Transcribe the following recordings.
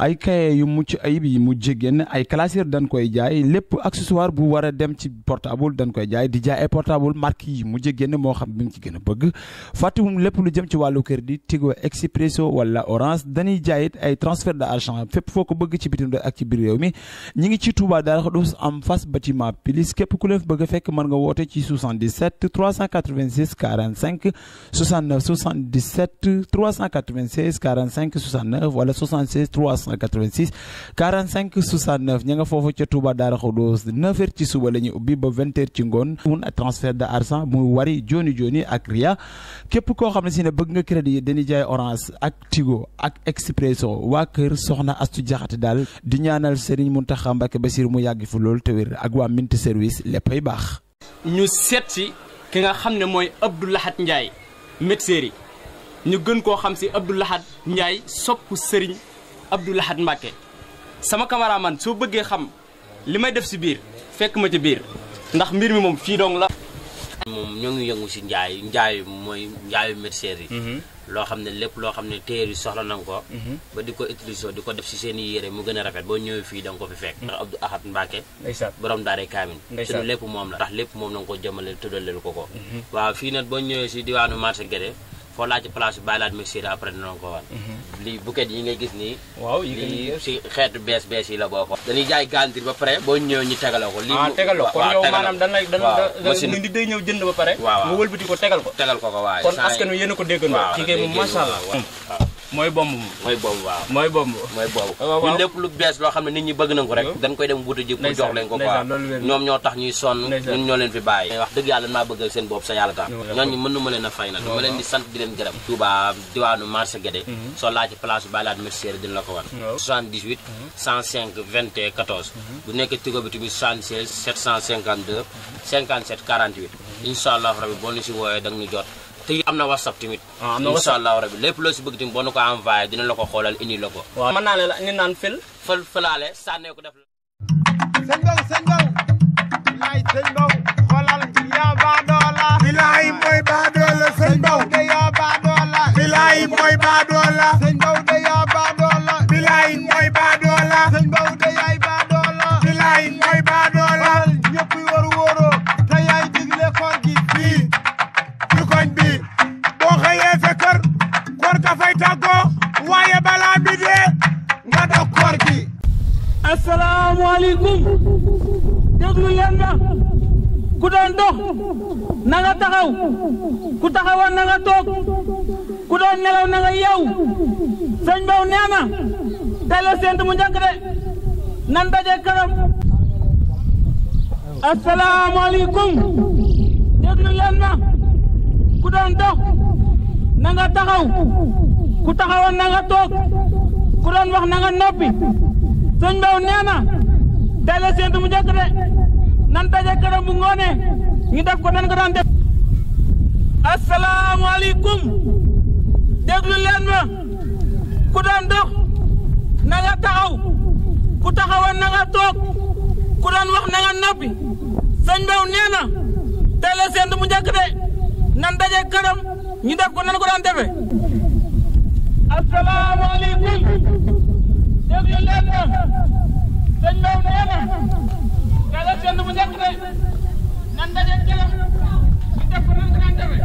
ay cahier yu mucc ayib yi mu génn ay classeur dañ koy jaay lépp accessoire bu war dem ci portable dañ koy jaay di jaay ay portable marque yi mu génn moo xam bi mu ci gën a bëgg fàttali lépp lu jëm ci wàllu crédit Tigo Expresso wala Orange dañuy jaayit ay transfert d'argent fépp foo ko bëgg ci bitim réew ci biir réew ngi ci Touba Darou Khoudoss am face bâtiment ku la bëgg a fekk mën nga woote ci 77 386 45 69 77 396 45 69 wala 76 386 45 69 ña nga foofu ca Touba Daara Khoudous 9h ci suba la ubbi ba 20 ci ngoon. mun de argent muy wari joni joni ak Ria képp koo xam ne si ne bëgg nga crédit da jaay Orange ak Tigo ak Expresso waa kër Soxna Astu Jaxate daal di ñaanal Serigne Mountakha Mbacké Bassir mu yàgg fi loolu te wér ak waa Mint Service léppay baax. ñu seet si ki nga xam ne mooy Abdou Lahad Ndiaye médecin yi ñu gën koo xam si Abdou Lahad Ndiaye sopp Serigne. Abdou Lahad Mbacké sama cameraman soo bëggee xam li may def si biir fekk ma ci biir ndax mbir mi moom fii dong la. moom ñoo ngi yëngu si njaay njaay mooy njaayu mercerie yi. Mhm. loo xam ne lépp loo xam ne téer yi soxla na ko. Mhm. ba di ko ko def si seen i mu gën a rafet boo ñëwee fii da nga ko fi fekk. ndax Abdou Ahad Mbacke. borom daaree Kaamin. suñu lépp moom la ndax lépp moom na nga ko jëmale tuddaleel ko ko. Mhm. waaw fii nag boo ñëwee si diwaanu marché Guédé. foo laaj place bi bàyyi laaj ma siira après dinañ ko wan. Mhm. lii buket yi ngay gis nii. waaw lii si xeetu bees bees yi la boo ko. dañuy jaay gantir ba pare boo ñëwee ñu tegaloo ko. lii ah, mu waaw tegaloo kon yow maanaam dañ lay dañ la nit day ñëw jënd ba pare. waaw mu ko tegal ko. tegal ko ko waaye. kon askan wi yéen a ko déggandoo. waaw léegi waaw hmm. mooy bomb mooy bomb waaw mooy bomb mooy bomb ñun lépp lu bees loo xam ne nit ñi bëgg nañ ko rek dañ koy dem wuta ji pour jox leen ko quoi ñoom ñoo tax ñuy sonn ñun ñoo leen fi bàyyi wax dëgg yàlla maa bëgg seen bopp sa yàlla tax ñooñu mën nu ma leen a fay nag ma leen di sant di leen gërëm Touba diwaanu marché Guédé mhm. soo laa ci place bi bàyyi mercier dina la ko wan 78 105 21 14 bu nekk Tigo bi tamit 76 752 57 48 incha allah rabi boo ñu si wooyee da nga ñu jot te am na whatsapp tamit. ah am na allahu rabi lépp loo si bëgg tamit boo na ko envoyé dina la ko xoolal indi ko. waaw mën naa leen la ñu naan fil. fël fëlaale sànnee ko def la. sëñ Ndao sëñ Ndao. bilaay sëñ Ndao. xoolal yaa baadoola. bilaay baadoola yaa baadoola. bilaay baadoola. ku doon dox na taxaw ku taxawoon na toog ku doon nelaw na nga yeew sëñ Mbow nee mu njëkk nan daje kanam asalaamaaleykum déglu leen ma ku doon dox na taxaw ku taxawoon na toog ku doon wax na noppi sëñ Mbow nee na mu njëkk nan daje këram bu ngoonee ñu def ko nan ko daan def asalaamaaleykum leen ma ku doon dox na nga ku taxawoon na toog ku doon wax na nga noppi sëñ nee na teel a séntu mu njëkk de nan ñu def ko nan ko daan defee. asalaamaaleykum déglu leen ma sëñ Mbaw nee na. yàlla seen bu njëkk de nan daje jëlam ñu def ko nan ko daan defee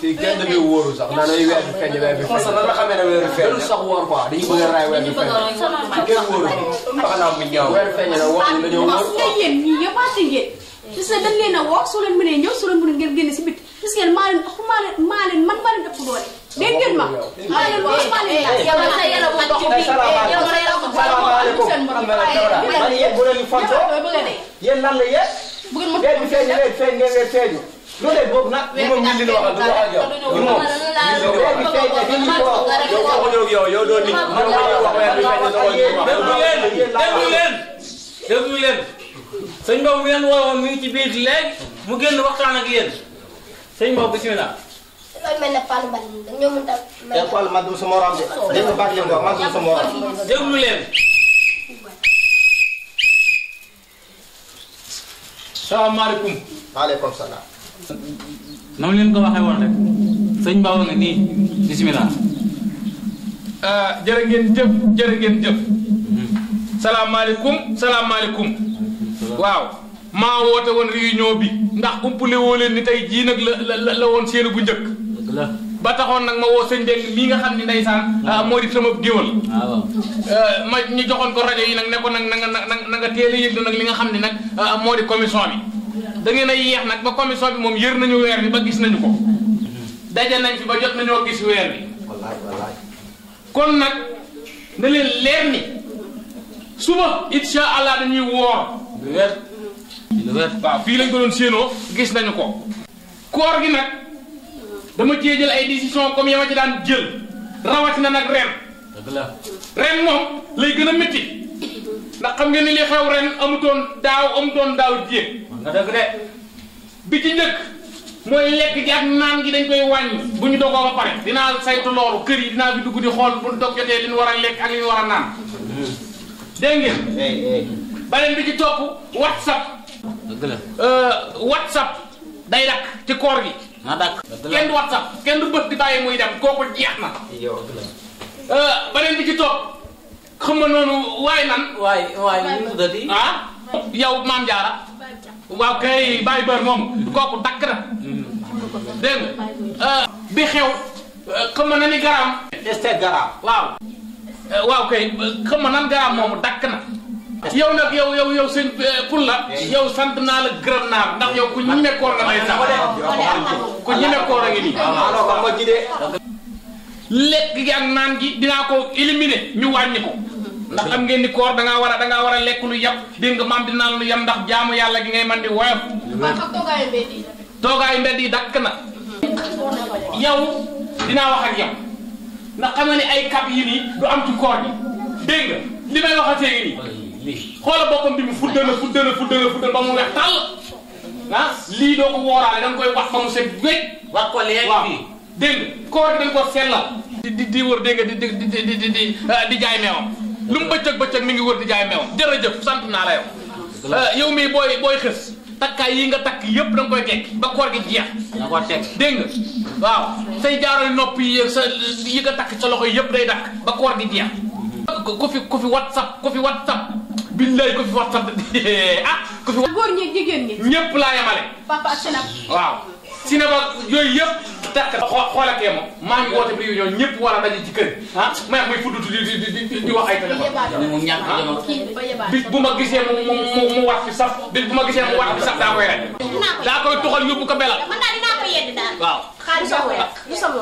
fii kenn dafay wóoru sax naan ay weer bi feeñ weer bi feeñ lan la xamee ne weer bi feeñ la sax wóor quoi dañu bëgg a raay weer bi feeñ kenn wóoru xanaa bu ñaaw weer feeñ la wax dañoo wóor yéen ñii yëpp a yéen gis nga dañ leen a woo su leen mënee ñëw su leen mënee ngeen génn si bit gis ngeen maa leen maa leen maa leen man maa leen ëpp doole dégg ngeen ma maa leen wax maa leen laaj eh, eh, yow sa yaram man ci bi eh, yow sa yaram salaamaaleykum man yéen bu leen fonto yéen lan la yéen bu ngeen ma feeñ ngeen feeñ lu ne boobu nag moom ñu ngi waxal du ko ak yow. moom yow yow yow doo nit. déglu leen déglu leen sëñ boobu ngeen woowoon mi ngi ci biir léegi mu génn waxtaan ak yéen sëñ boobu bisimilah. dafay mel ne Fallou Mbadé ñoo mënut a. mel ne Fallou Mbadé du sama morom de dégg nga baax leen ko man du sama morom. déglu leen. salaamaaleykum. maaleykum salaam. na leen ko waxee woon rek sëñ Ba nga nii bisimilah. Ah, jërë ngeen jëf jërë ngeen jëf. Mm-hmm. salaamaaleykum salaamaaleykum. waaw maa woote woon réunion bi ndax umpule woo leen ni tey jii nag la la la woon séenu bu njëkk. ba taxoon nag ma woo sëñ Dieng mii nga xam ne ndeysaan. Ah, moo di sama géwal. Ah, ma ñu joxoon ko rajo yi nag ne ko nag na nga na nga teel a yëg nag li nga xam ni nag moo di commission bi. da ngeen a yéex nag ba commission bi moom yër nañu weer bi ba gis nañu ko daje nañ fi ba jot nañoo gis weer bi kon nag na leen leer ni suba insha allah dañuy woor fii lañ ko doon séenoo gis nañu ko koor gi nag dama cee jël ay décision comme yama ci daan jël rawatina nag ren ren moom lay gën a métti ndax xam nga ni li xew ren amutoon daaw amutoon daaw jéeg nga dëgg de bi ci njëkk mooy lekk gi ak naan gi dañ koy wàññi bu ñu dogoo ba pare dinaa saytu loolu kër yi dinaa fi dugg di xool bu dog jotee li ñu war a lekk war a naan bi ci topp whatsapp dëgg la euh, day dakk ci koor gi na dakk kenn du whatsapp kenn du bët di bàyyi muy dem kooku jeex na euh, beneen bi ci topp xam nga noonu waaye nan waay waay ñu tuddati ah yow maam jaara waaw kay bàyyi bër moom kooku takk na dégg nga euh, bi xew euh, xam na ni garaam waaw euh, waaw kay xam na nan garaam moomu dakk na yow nag yow yow yow sëñ la eh. yow sant naa la gërëm naar ndax yow ku ñime koor la may sax ku ñime koor a ngi ah, ah, lekk gi ak naan gi dinaa ko éliminer ñu wàññi ko ndax am ngeen ni koor dangaa war a dangaa war a lekk lu yab dégg nga maam dinaa lu yam ndax jaamu yàlla gi ngay man di woyof toogaayu mbedd yi dakk na yow dinaa wax ak yow ndax xam nga ne ay kab yi nii du am ci koor gi li may waxatee xoola boppam bi mu fuddana fuddana fuddana fuddana ba mu wex tàll lii doo ko wooraale da koy wax ba mu set wécc wax ko léegi waaw dégg nga koor gi dañ ko sellal di di di wër dégg nga di di di di di jaay meewam lu mu bëccëg bëccëg mi ngi wër di jaay meew jërëjëf sant naa la yow eh, yow mii booy booy xës takkaay yi nga takk yëpp da nga koy tekki ba koor gi jeex da ko tekk dégg nga waaw say jaaro nopp yi sa yi nga takk sa loxo yëpp day da ba koor gi jeex ku fi ku fi whatsapp ku fi whatsapp billaay ku fi whatsapp ah ku fi góor ñëpp laa yemale papa ak sinab waaw sinab ak yëpp tàkk xool ak moom maa ngi woote réunion ñëpp war a daje ci kër ah may muy fuddutu di di di di wax ay téléphone mu ñàkk ah. bu ma gisee mu mu mu wax fi sax bis bu ma gisee mu wax fi sax daa koy rek daa koy tuxal yóbbu ko belal waaw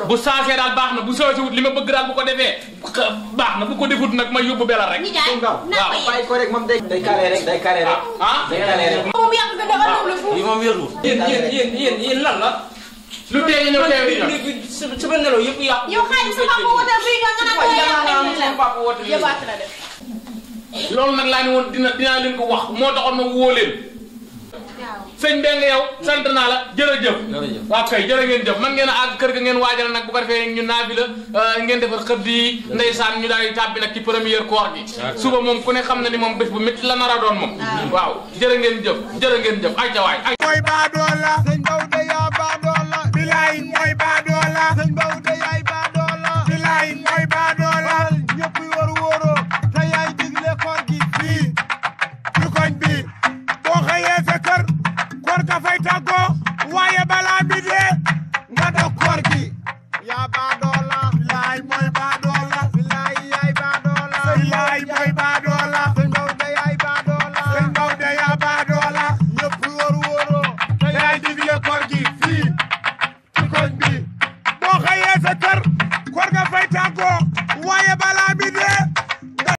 bu changé daal baax na bu sooy si wut li ma bëgg daal bu ko defee baax na bu ko defut nag ma yóbbu belal rek waaw bàyyi ko rek moom day day carré rek day carré rek ah day carré rek moom yàq nga dafa lu moom yéen yéen yéen yéen lan la lu tee ñëw tee wi la sama nelaw yëpp yàqu. yow xaalis sa papa woote loolu nag laa ne woon dina dinaa leen ko wax moo taxoon ma woo leen. sëñ bi nga yaw sant naa la jër a waaw kay jërë ngeen jëf man ngeen a kër ga ngeen waajal nag bu ko defee ñu naabi la euh, ngeen defar xëdd yi ndeysaan ñu daal di tàbbi nag ci première koo gi. suba moom ku ne xam na ni moom bés bu métti la nara doon moom. waaw jërë ngeen jëf jërë ngeen jëf ay ca waay ay.